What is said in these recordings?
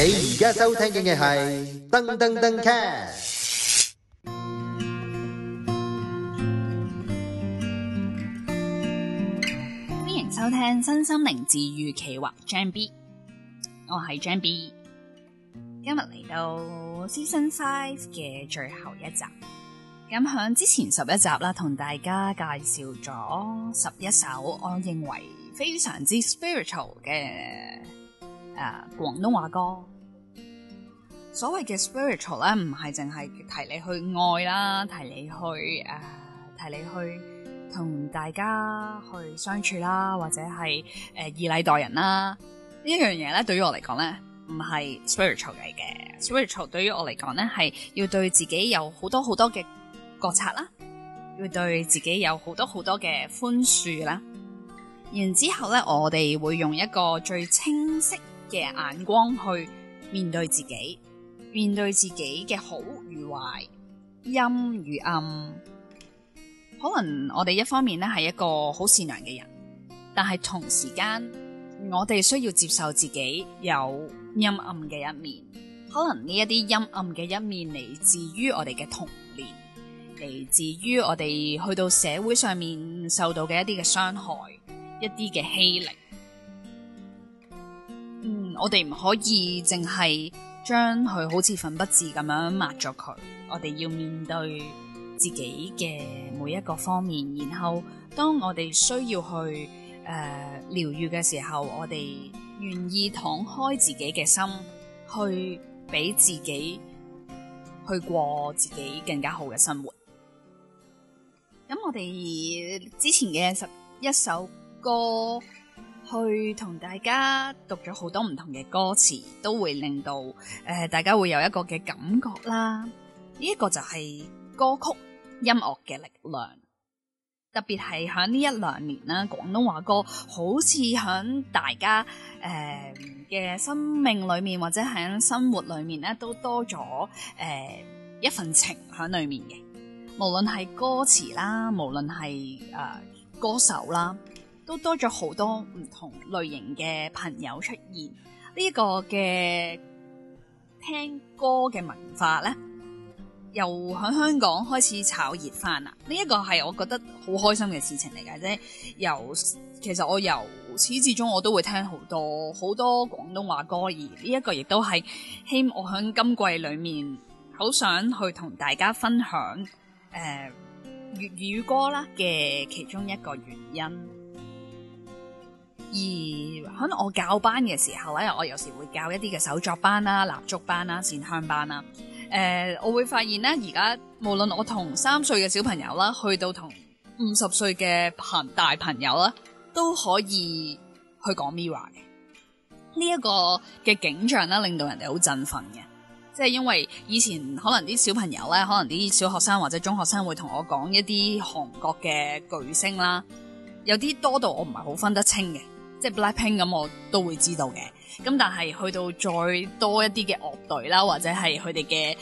你而家收聽嘅係噔噔噔 cast，歡迎收聽身心靈治癒企劃 Jam B，我係 Jam B，今日嚟到 Season Five 嘅最後一集，咁響之前十一集啦，同大家介紹咗十一首我認為非常之 spiritual 嘅。誒，廣東話歌，所謂嘅 spiritual 咧，唔係淨係提你去愛啦，提你去誒、啊，提你去同大家去相處啦，或者係誒、啊、以禮待人啦，呢樣嘢咧，對於我嚟講咧，唔係 spiritual 嚟嘅。spiritual 對於我嚟講咧，係要對自己有好多好多嘅覺察啦，要對自己有好多好多嘅寬恕啦，然之後咧，我哋會用一個最清晰嘅眼光去面對自己，面對自己嘅好與壞、陰與暗。可能我哋一方面咧係一個好善良嘅人，但係同時間我哋需要接受自己有陰暗嘅一面。可能呢一啲陰暗嘅一面嚟自於我哋嘅童年，嚟自於我哋去到社會上面受到嘅一啲嘅傷害、一啲嘅欺凌。我哋唔可以淨係將佢好似粉筆字咁樣抹咗佢，我哋要面對自己嘅每一個方面。然後當我哋需要去誒療癒嘅時候，我哋願意敞開自己嘅心，去俾自己去過自己更加好嘅生活。咁我哋之前嘅十一首歌。去同大家讀咗好多唔同嘅歌詞，都會令到誒、呃、大家會有一個嘅感覺啦。呢、這、一個就係歌曲音樂嘅力量，特別係喺呢一兩年啦，廣東話歌好似喺大家誒嘅、呃、生命裏面，或者喺生活裏面咧，都多咗誒、呃、一份情喺裏面嘅。無論係歌詞啦，無論係誒、呃、歌手啦。都多咗好多唔同類型嘅朋友出現，呢個嘅聽歌嘅文化呢，又喺香港開始炒熱翻啦。呢一個係我覺得好開心嘅事情嚟嘅，啫。由其實我由始至終我都會聽好多好多廣東話歌，而呢一個亦都係希望我喺今季裡面好想去同大家分享誒、呃、粵語歌啦嘅其中一個原因。而可能我教班嘅時候咧，我有時會教一啲嘅手作班啦、蠟燭班啦、線香班啦。誒、呃，我會發現咧，而家無論我同三歲嘅小朋友啦，去到同五十歲嘅朋大朋友啦，都可以去講 mirror 嘅呢一、這個嘅景象咧，令到人哋好振奮嘅。即係因為以前可能啲小朋友咧，可能啲小學生或者中學生會同我講一啲韓國嘅巨星啦，有啲多到我唔係好分得清嘅。即係 blackpink 咁，Blackpink，我都會知道嘅。咁但係去到再多一啲嘅樂隊啦，或者係佢哋嘅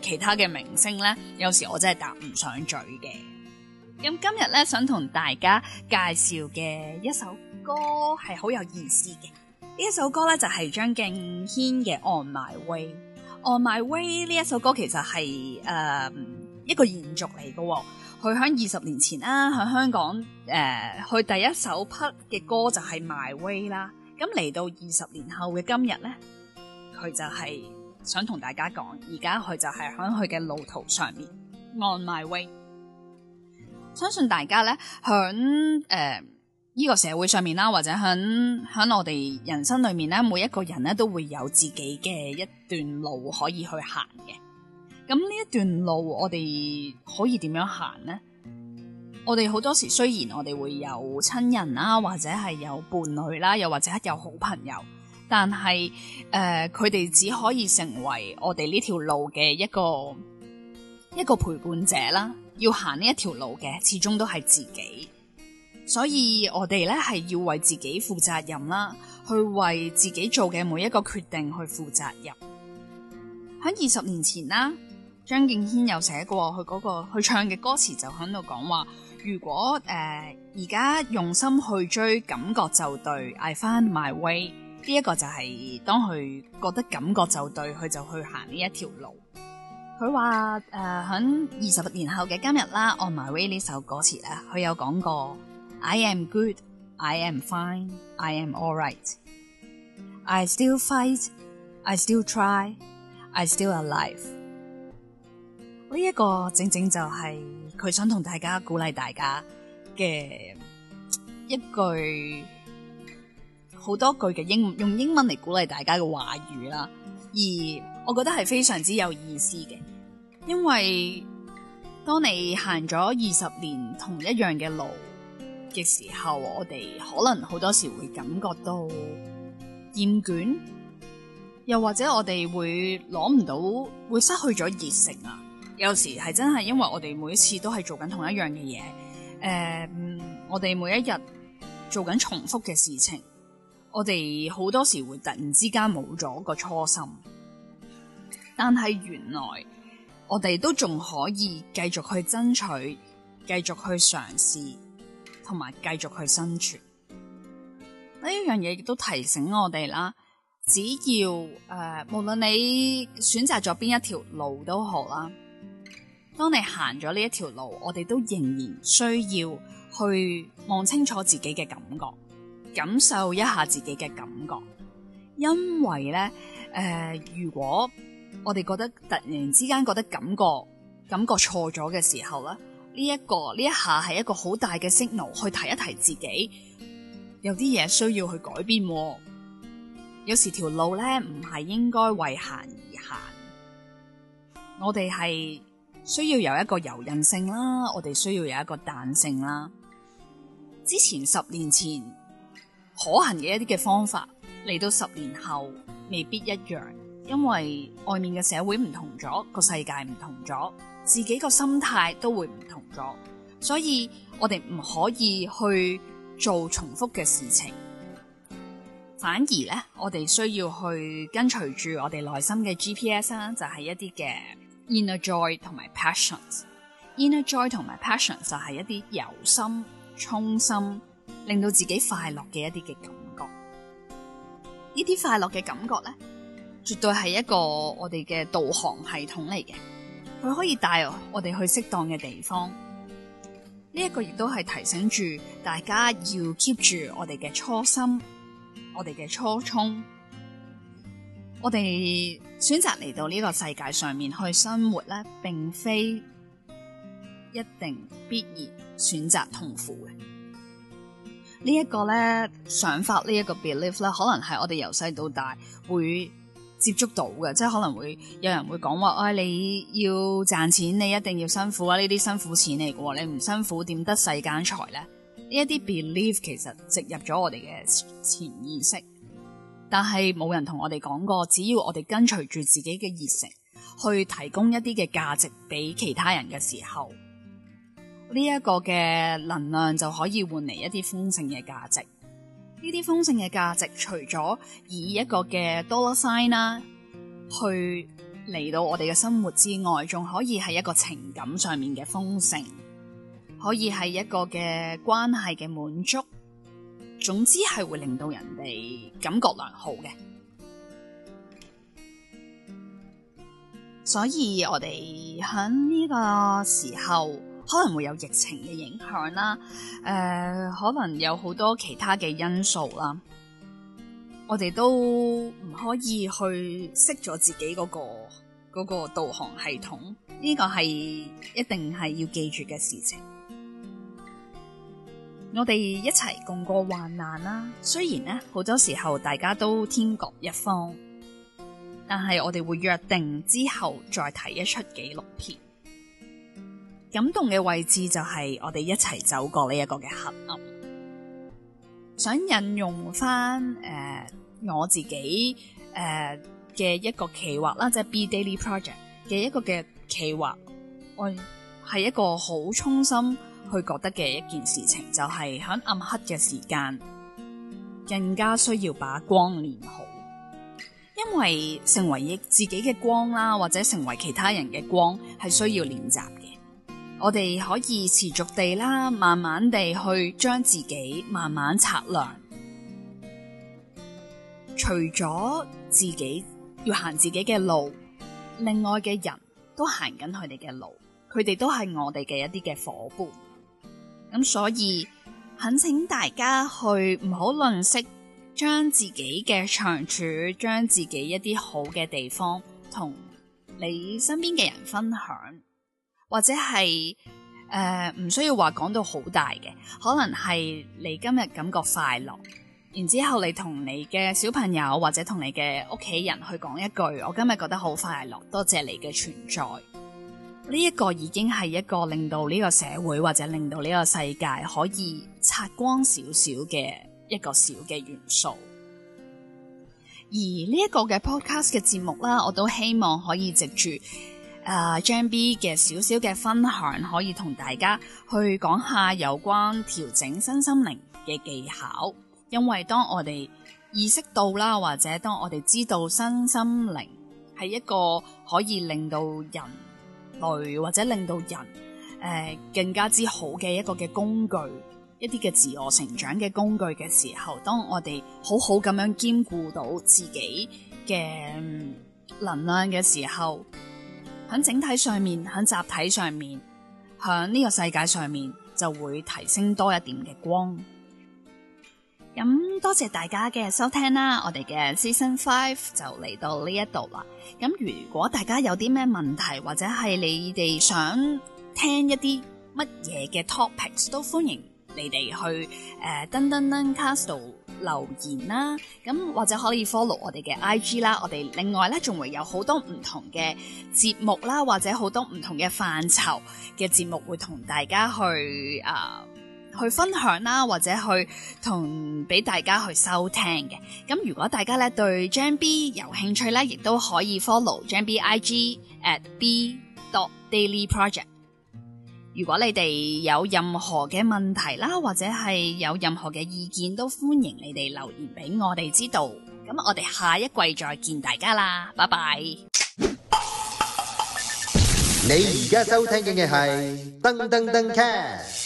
誒其他嘅明星咧，有時我真係答唔上嘴嘅。咁、嗯、今日咧想同大家介紹嘅一首歌係好有意思嘅。呢一首歌咧就係、是、張敬軒嘅《On My Way》。《On My Way》呢一首歌其實係誒、呃、一個延續嚟嘅喎。佢喺二十年前啦、啊，喺香港誒，佢、呃、第一首匹嘅歌就係、是《My Way》啦。咁、嗯、嚟到二十年後嘅今日咧，佢就係想同大家講，而家佢就係響佢嘅路途上面 On My Way。相信大家咧，響誒依個社會上面啦、啊，或者響響我哋人生裏面咧，每一個人咧都會有自己嘅一段路可以去行嘅。咁呢一段路，我哋可以點樣行呢？我哋好多時，雖然我哋會有親人啦，或者係有伴侶啦，又或者有好朋友，但係誒，佢哋只可以成為我哋呢條路嘅一個一個陪伴者啦。要行呢一條路嘅，始終都係自己，所以我哋咧係要為自己負責任啦，去為自己做嘅每一個決定去負責任。喺二十年前啦。張敬軒有寫過，佢嗰個佢唱嘅歌詞就喺度講話，如果誒而家用心去追，感覺就對。I find my way，呢一個就係當佢覺得感覺就對，佢就去行呢一條路。佢話誒喺二十年後嘅今日啦，On my way 呢首歌詞啊，佢有講過 I am good, I am fine, I am alright, I still fight, I still try, I still alive。呢一個正正就係佢想同大家鼓勵大家嘅一句好多句嘅英用英文嚟鼓勵大家嘅話語啦。而我覺得係非常之有意思嘅，因為當你行咗二十年同一樣嘅路嘅時候，我哋可能好多時會感覺到厭倦，又或者我哋會攞唔到，會失去咗熱誠啊。有時係真係，因為我哋每一次都係做緊同一樣嘅嘢，誒，嗯，我哋每一日做緊重複嘅事情，我哋好多時會突然之間冇咗個初心。但係原來我哋都仲可以繼續去爭取，繼續去嘗試，同埋繼續去生存。呢樣嘢亦都提醒我哋啦，只要，誒，呃，無論你選擇咗邊一條路都好啦。當你行咗呢一條路，我哋都仍然需要去望清楚自己嘅感覺，感受一下自己嘅感覺。因為咧，誒、呃，如果我哋覺得突然之間覺得感覺感覺錯咗嘅時候咧，呢、這個、一,一個呢一下係一個好大嘅 signal，去提一提自己，有啲嘢需要去改變。有時條路咧唔係應該為行而行，我哋係。需要有一個柔韌性啦，我哋需要有一個彈性啦。之前十年前可行嘅一啲嘅方法，嚟到十年後未必一樣，因為外面嘅社會唔同咗，個世界唔同咗，自己個心態都會唔同咗，所以我哋唔可以去做重複嘅事情，反而咧，我哋需要去跟隨住我哋內心嘅 GPS 啦，就係一啲嘅。inner joy 同埋 passion，inner joy 同埋 passion 就係一啲由心、衷心，令到自己快樂嘅一啲嘅感覺。呢啲快樂嘅感覺咧，絕對係一個我哋嘅導航系統嚟嘅，佢可以帶我哋去適當嘅地方。呢、這、一個亦都係提醒住大家要 keep 住我哋嘅初心，我哋嘅初衷。我哋選擇嚟到呢個世界上面去生活咧，並非一定必然選擇痛苦嘅。這個、呢一個咧想法，呢一個 belief 咧，可能係我哋由細到大會接觸到嘅，即係可能會有人會講話：哎，你要賺錢，你一定要辛苦啊！呢啲辛苦錢嚟嘅喎，你唔辛苦點得世間財咧？呢一啲 belief 其實植入咗我哋嘅潛意識。但係冇人同我哋講過，只要我哋跟隨住自己嘅熱誠，去提供一啲嘅價值俾其他人嘅時候，呢、這、一個嘅能量就可以換嚟一啲豐盛嘅價值。呢啲豐盛嘅價值，除咗以一個嘅 Dollar Sign 啦，去嚟到我哋嘅生活之外，仲可以係一個情感上面嘅豐盛，可以係一個嘅關係嘅滿足。總之係會令到人哋感覺良好嘅，所以我哋喺呢個時候可能會有疫情嘅影響啦，誒、呃，可能有好多其他嘅因素啦，我哋都唔可以去熄咗自己嗰、嗰個嗰、嗰個導航系統，呢個係一定係要記住嘅事情。我哋一齊共過患難啦，雖然咧好多時候大家都天各一方，但係我哋會約定之後再睇一出紀錄片，感動嘅位置就係我哋一齊走過呢一個嘅黑暗。想引用翻誒、呃、我自己誒嘅、呃、一個企劃啦，即係 Be Daily Project 嘅一個嘅企劃，我、哎、係一個好衷心。佢覺得嘅一件事情就係喺暗黑嘅時間更加需要把光練好，因為成為自己嘅光啦，或者成為其他人嘅光係需要練習嘅。我哋可以持續地啦，慢慢地去將自己慢慢擦亮。除咗自己要行自己嘅路，另外嘅人都行緊佢哋嘅路，佢哋都係我哋嘅一啲嘅伙伴。咁、嗯、所以懇請大家去唔好吝嗇，將自己嘅長處，將自己一啲好嘅地方，同你身邊嘅人分享，或者係誒唔需要話講到好大嘅，可能係你今日感覺快樂，然之後你同你嘅小朋友或者同你嘅屋企人去講一句：我今日覺得好快樂，多謝你嘅存在。呢一個已經係一個令到呢個社會或者令到呢個世界可以擦光少少嘅一個小嘅元素。而呢一個嘅 podcast 嘅節目啦，我都希望可以藉住誒張 B 嘅少少嘅分享，可以同大家去講下有關調整身心靈嘅技巧。因為當我哋意識到啦，或者當我哋知道身心靈係一個可以令到人類或者令到人誒、呃、更加之好嘅一個嘅工具，一啲嘅自我成長嘅工具嘅時候，當我哋好好咁樣兼顧到自己嘅能量嘅時候，喺整體上面，喺集體上面，喺呢個世界上面就會提升多一點嘅光。咁、嗯、多謝大家嘅收聽啦，我哋嘅 Season Five 就嚟到呢一度啦。咁如果大家有啲咩問題，或者係你哋想聽一啲乜嘢嘅 topics，都歡迎你哋去誒、呃、登登登 Castle 留言啦。咁或者可以 follow 我哋嘅 IG 啦，我哋另外呢，仲會有好多唔同嘅節目啦，或者好多唔同嘅範疇嘅節目會同大家去啊。呃去分享啦，或者去同俾大家去收聽嘅。咁如果大家咧對 Jam B 有興趣咧，亦都可以 follow Jam B IG at B dot Daily Project。如果你哋有任何嘅問題啦，或者係有任何嘅意見，都歡迎你哋留言俾我哋知道。咁我哋下一季再見大家啦，拜拜。你而家收聽嘅係噔噔噔 Cat